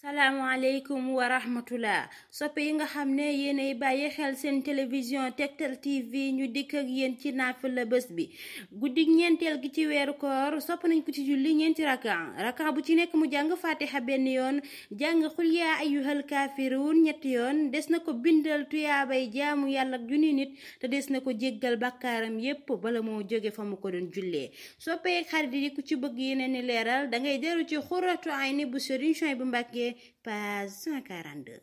salaamaaleykum wa rahmatullah soppe yi nga xam ne yéenay bàyyi xel seen télévision Tektal TV ñu dikk ak yéen ci naafila bés bi guddi ñeenteel gi ci weeru koor sopp nañ ko ci julli ñeenti rakan rakan bu ci nekk mu jàng fatiha benn yoon jàng xul yaa ayyuhal kaafiruun ñetti yoon des na ko bindal tuyaabay jaamu yàlla ak junni nit te des na ko jéggal bàkkaaram yépp bala moo jóge fa mu ko doon jullee soppe xarit yi ku ci bëgg yeneen ni leeral dangay deru ci xuratu bu Serigne Souhaïbou Mbacké passé, page 142.